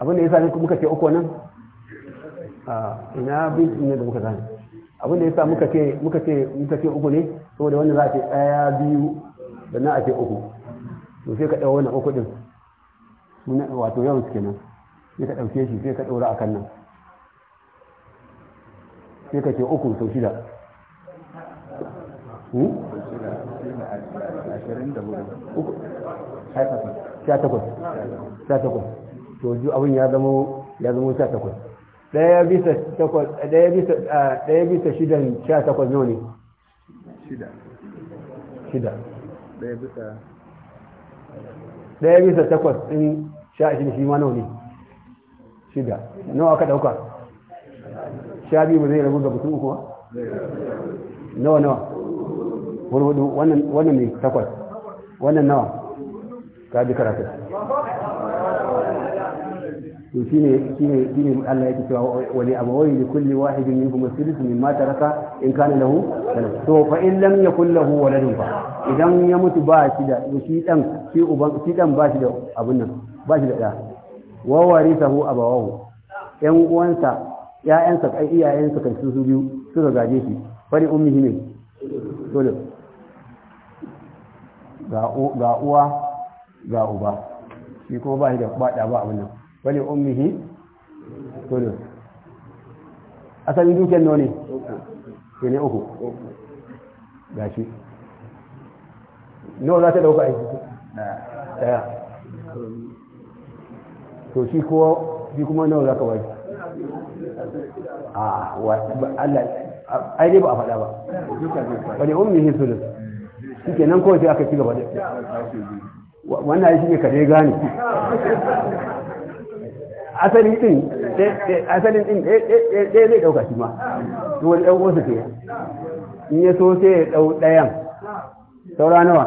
abin da ya sami muka ce uku nan a ina bin ne da muka sami abin da ya sa muka ce muka ce muka ce uku ne saboda wani za a ce ɗaya biyu da na a ce uku to sai ka ɗau wannan uku din wato yawan suke kenan sai ka ɗauke shi sai ka ɗaura a kan nan sai ka ce uku sau shida hmm? sha takwas sha takwas soju abin ya zama ya zama sha takwas ɗaya bisa takwas ɗaya bisa ɗaya bisa sha takwas nawa ne shida shida ɗaya bisa ɗaya bisa takwas ɗin sha da shi ma nawa ne shida nawa aka ɗauka sha biyu ba zai rabu ga mutum uku nawa nawa wani wannan ne takwas wannan nawa ka bi karatu shine shine shine Allah yake cewa li abawai li kulli wahidin minhum thuluthu mimma taraka in kana lahu to fa in lam yakul lahu waladun fa idan ya mutu ba shi da shi dan shi uban shi dan ba shi da abun nan ba shi da da wa warithahu abawahu yan uwansa ƴaƴansa kai iyayensa kan su biyu suka gaje shi fari ummihi ne dole ga uwa ga uba shi kuma ba shi da ba da ba abun nan wani ummihi tulu asali dukiyar noni ne uku gashi nawa za ta dauka aiki daya to shi kuwa shi kuma nawa za ka bai a ah, Allah ai dai ba a faɗa ba wani ummihi tulu shi ke nan kawai sai aka ci gaba da wannan shi ne ka dai gane asali din asalin din eh, eh, eh, ɗaya zai ɗauka shi ma To wani ɗan uwansa ke in ya so sai ya ɗau ɗayan saura nawa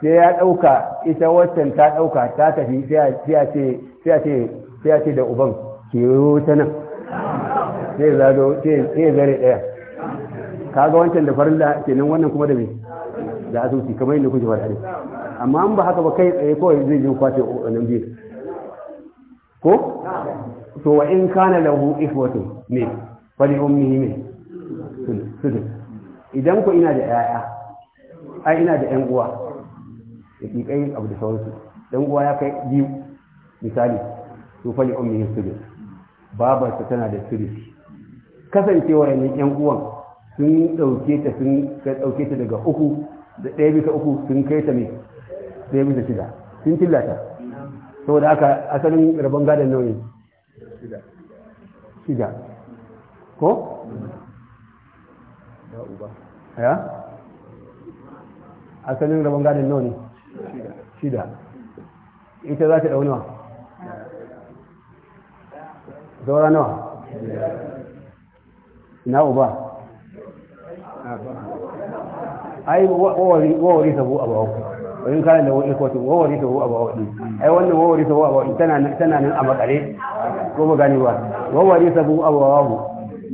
sai ya ɗauka ita waccan ta ɗauka ta tafi sai ya ce da uban ke ta nan sai ya sai zare ɗaya kaga wancan da farilla kenan wannan kuma da me da asusi kamar yadda kuke faɗa amma an ba haka ba kai tsaye kawai zai je kwace wannan biyu ko to wa in kana lahu ikhwatu ne fali ummihi ne sudu idan ko ina da yaya ai ina da yan uwa yake kai abu da sauransu yan uwa ya kai biyu misali to fali ummihi sudu babarsa tana da sudu kasancewa yanzu yan uwan sun dauke ta sun dauke ta daga uku da ɗaya bisa uku sun kai ta ne ɗaya bisa shida sun tillata saboda aka asalin rabon gadon nauyi shida ko? ya? asalin rabon gadon nauyi shida ita za ta daunawa zaura nawa na uba ai wawari sabu abu wa in kana da wani kwatin wawari ta a bawaɗi ai wannan wawari ta a bawaɗi tana nan a makare ko ba gani ba wawari ta a bawaɗi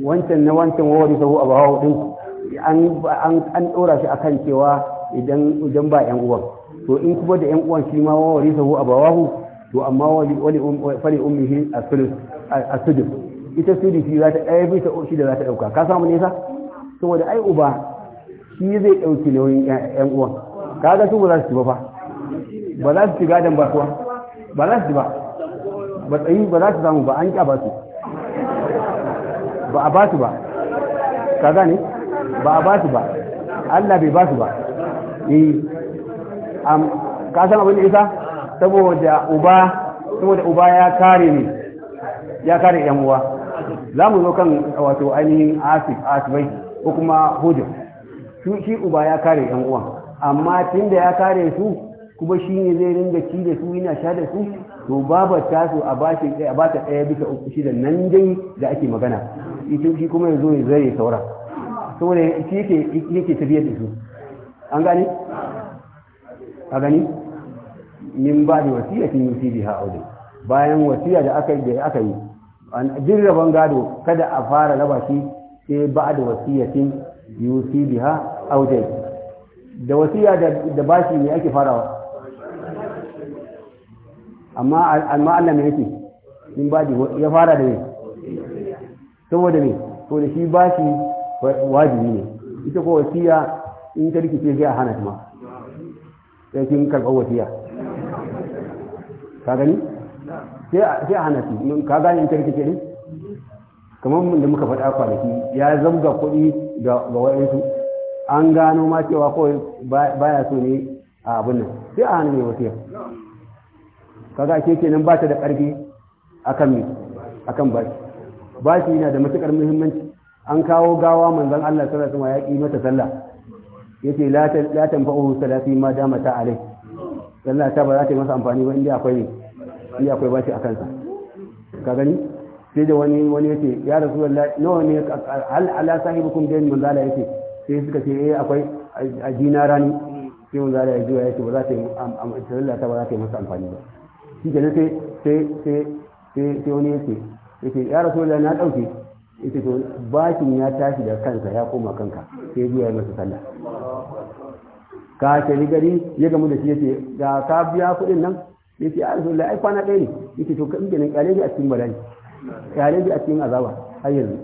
wancan na wancan wawari ta a bawaɗi an ɗora shi akan cewa idan ba yan uwan to in kuma da yan uwan shi ma wawari ta a bawaɗi to amma wani um, fari ummihi a sudus ita shi za ta ɗaya bisa shi da za ta ɗauka ka samu nesa saboda ai uba shi zai ɗauki nauyin yan uwan kaga su ba za su ci ba fa ba za su ci gadon ba kuwa ba za su ci ba ba tsayi ba za su samu ba an ƙya ba su ba a ba su ba ka ne ba a ba su ba Allah bai ba su ba eh am ka san abin isa saboda uba saboda uba ya kare ni ya kare yan uwa za mu zo kan wato ainihin asif asibai ko kuma hujjar shi uba ya kare yan uwan amma tun da ya kare su kuma shi ne zai ringa ci da su yana sha da su to babar taso a bashi ɗaya ba ta ɗaya bisa uku shi da nan dai da ake magana ita shi kuma yanzu ya zare saura saboda shi yake yake tafiyar da su an gani a gani min ba da wasiya tun yusi biha aure bayan wasiya da aka da aka yi an jirraban gado kada a fara raba shi sai ba da wasiya tun yusi biha aure da wasiya da bashi ne ake farawa amma amma Allah ne yake in ba ya fara da ne saboda ne to da shi bashi wajibi ne ita ko wasiya in ta rikice sai a hana kuma sai kin karɓa wasiya ka gani sai a hana su ka gani in ta rikice ne kamar da muka faɗa kwanaki ya zamga kuɗi ga wa'ansu an gano ma cewa kawai baya so ne a abin nan sai a hannun mai siya kaga ke kenan ba ta da ƙarfi akan mi, akan ba shi yana da matuƙar muhimmanci an kawo gawa manzon Allah sallallahu alaihi wasallam ya mata sallah yace la la tanfa'u salati ma dama ta alai sallah ta ba za ta yi masa amfani ba inda akwai inda akwai bashi akan sa ka gani sai da wani wani yace ya rasulullahi nawa ne hal ala sahibukum dain manzala yace sai suka ce eh akwai a jina rani sai mun zara ya juya ya ce ba za ta yi amfani ta ba za ta yi masa amfani ba shi ke sai sai sai sai sai wani ya ce ya ce ya rasu na ɗauke ya ce to bakin ya tashi da kansa ya koma kanka sai ya juya ya masa sallah ka ni gari ya gamu da shi ya ce ga ka biya kuɗin nan ya ce ya rasu ai kwana ɗaya ne ya ce to ƙyale a cikin bala'i ƙyale a cikin azaba har yanzu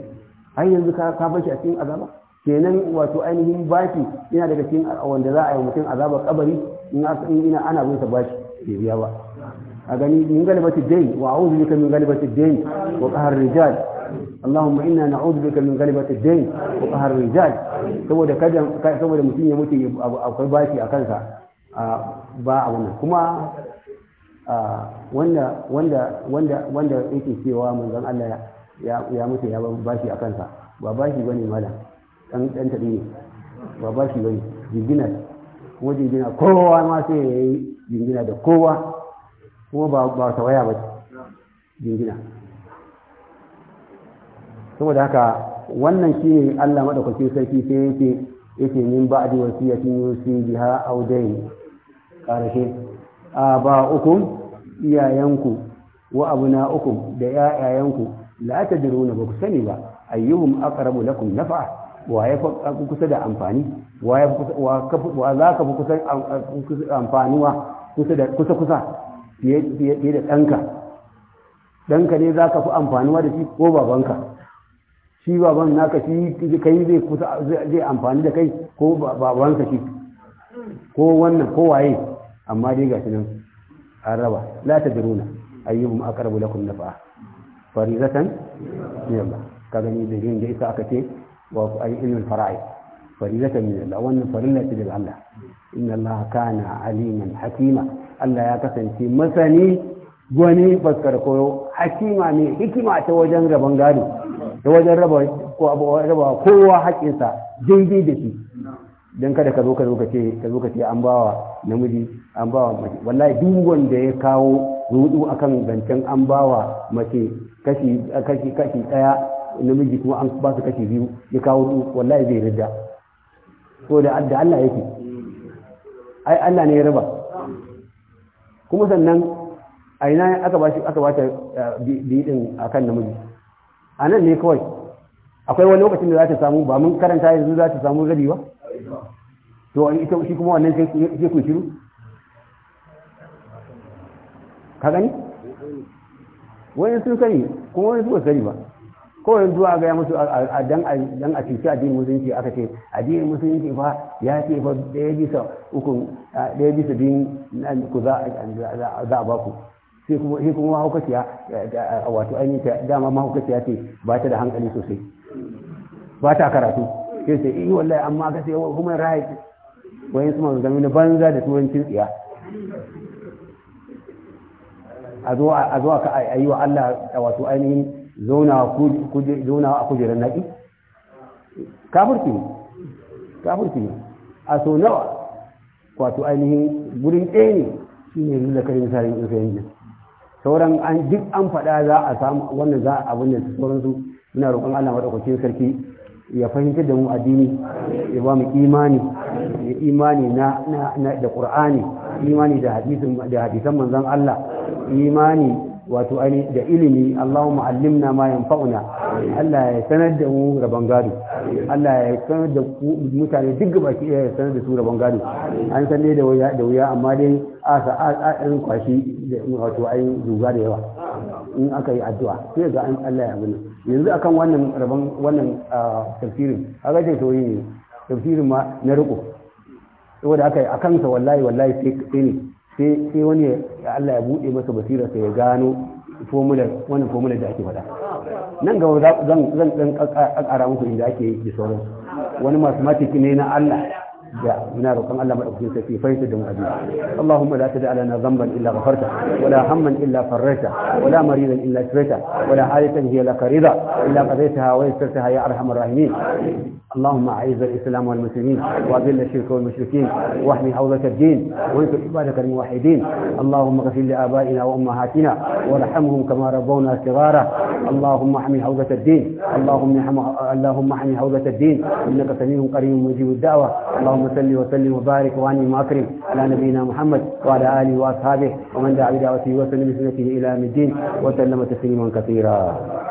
har yanzu ka a cikin azaba kenan wato ainihin bashi yana daga cikin wanda za a yi mutum azabar kabari in ina ana bin sa bashi bai biya ba a gani min galibati dai wa a'udhu bika min galibati dai wa qahr rijal Allahumma inna na'udhu bika min galibati dai wa qahr rijal saboda kada saboda mutum ya mutu akwai bashi a kansa ba a wannan kuma wanda wanda wanda wanda yake cewa manzon Allah ya mutu ya bashi a kansa ba bashi bane malam dan dan tabi ne ba ba shi bane jingina kuma jingina kowa ma sai ya jingina da kowa kuma ba ba tawaya ba jingina saboda haka wannan shine Allah madaukakin sarki sai yake yake min ba'di wasiyatin yusi biha aw a karashe uku iyayenku wa uku da 'ya'yayanku la diruna ba ku sani ba ayyuhum aqrabu lakum naf'a wa kusa da amfani wa za ka fi kusa amfaniwa kusa kusa fiye da ɗanka ɗanka ne za ka fi amfaniwa da shi ko babanka shi baban naka shi kai zai kusa zai amfani da kai ko babanka shi ko wannan ko waye amma dai gashi nan an raba la tadruna ayyuhum aqrabu lakum nafa'a farizatan min Allah ka gani da yin da isa aka ce wa ay الفرائض فريضة من الله وأن فريضة farilla الله daga Allah كان عليما حكيما aliman hakima Allah ya kasance masani gwani حكيما koyo hakima ne hikima ta wajen rabon gado ta wajen raba kowa haƙinsa daidai da shi kada ka zo ka zo ka ce ka zo ka ce an bawa namiji an bawa mace wallahi duk wanda ya kawo rudu akan zancen an bawa mace kashi kashi kashi daya namiji kuma an ba su kashi biyu ya kawo su wallahi zai rida so da adda Allah yake ai Allah ne ya raba kuma sannan a ina aka ba shi aka ba ta eh, bidin akan namiji a nan ne kawai akwai wani lokacin da za ta samu ba mun karanta yanzu za ta samu rabi ba to ita shi kuma wannan sai ku shiru ka gani wani sun sani kuma wani su ba sani ba kawai zuwa ga ya musu dan a cuci addinin musulunci aka ce addinin musulunci fa ya ce fa ɗaya bisa uku ɗaya bisa biyun ku za a ba ku sai kuma sai kuma mahaukaciya wato ainihin dama mahaukaciya ce ba ta da hankali sosai ba ta karatu sai sai iya eh, wallahi amma ka sai human rights wayan su maganganu na banza da turancin tsiya a zo a yi wa Allah wato ainihin zauna a kujerar naƙi kafirci ne kafirci ne a so nawa Kwato ainihin gurin ɗaya ne shi ne zuwa kare misalin ƙarfe yanzu sauran an duk an faɗa za a samu wannan za a abin da sauransu ina roƙon Allah maɗaukacin sarki ya fahimtar da mu addini ya ba mu imani ya imani na da ƙur'ani imani da hadisan manzon Allah imani wato ani da ilimi Allahumma allimna ma yanfa'una Allah ya sanar da mu rabon gado Allah ya sanar da mutane duk baki ya sanar da su rabon gado an san da wuya da wuya amma dai a sa a ɗan kwashi wato ai zuga da yawa in aka yi addu'a sai ga an Allah ya gani. yanzu akan wannan rabon wannan tafsirin haka ce to yi tafsirin ma na riko saboda aka yi akan sa wallahi wallahi sai ne sai wani Allah ya buɗe masa basira sai ya gano formula wannan formula da ake faɗa nan gaba zan zan ƙara muku inda ake yi da sauransu wani mathematics ne na Allah da muna roƙon Allah madaukakin sarki fahimta da mu abin Allahumma la tada lana dhanban illa ghafarta wala hamman illa farrajta wala maridan illa shafaita wala hajatan hiya lak rida illa qadaytaha wa yassartaha ya arhamar rahimin اللهم أعز الإسلام والمسلمين وأذل الشرك والمشركين واحمي حوزة الدين وانصر عبادك الموحدين اللهم اغفر لآبائنا وأمهاتنا وارحمهم كما ربونا صغارا اللهم احمي حوزة الدين اللهم اللهم احمي حوزة الدين إنك سميع قريب مجيب الدعوة اللهم صل وسلم وبارك وانعم واكرم على نبينا محمد وعلى آله وأصحابه ومن دعا بدعوته وسلم بسنته إلى يوم الدين وسلم تسليما كثيرا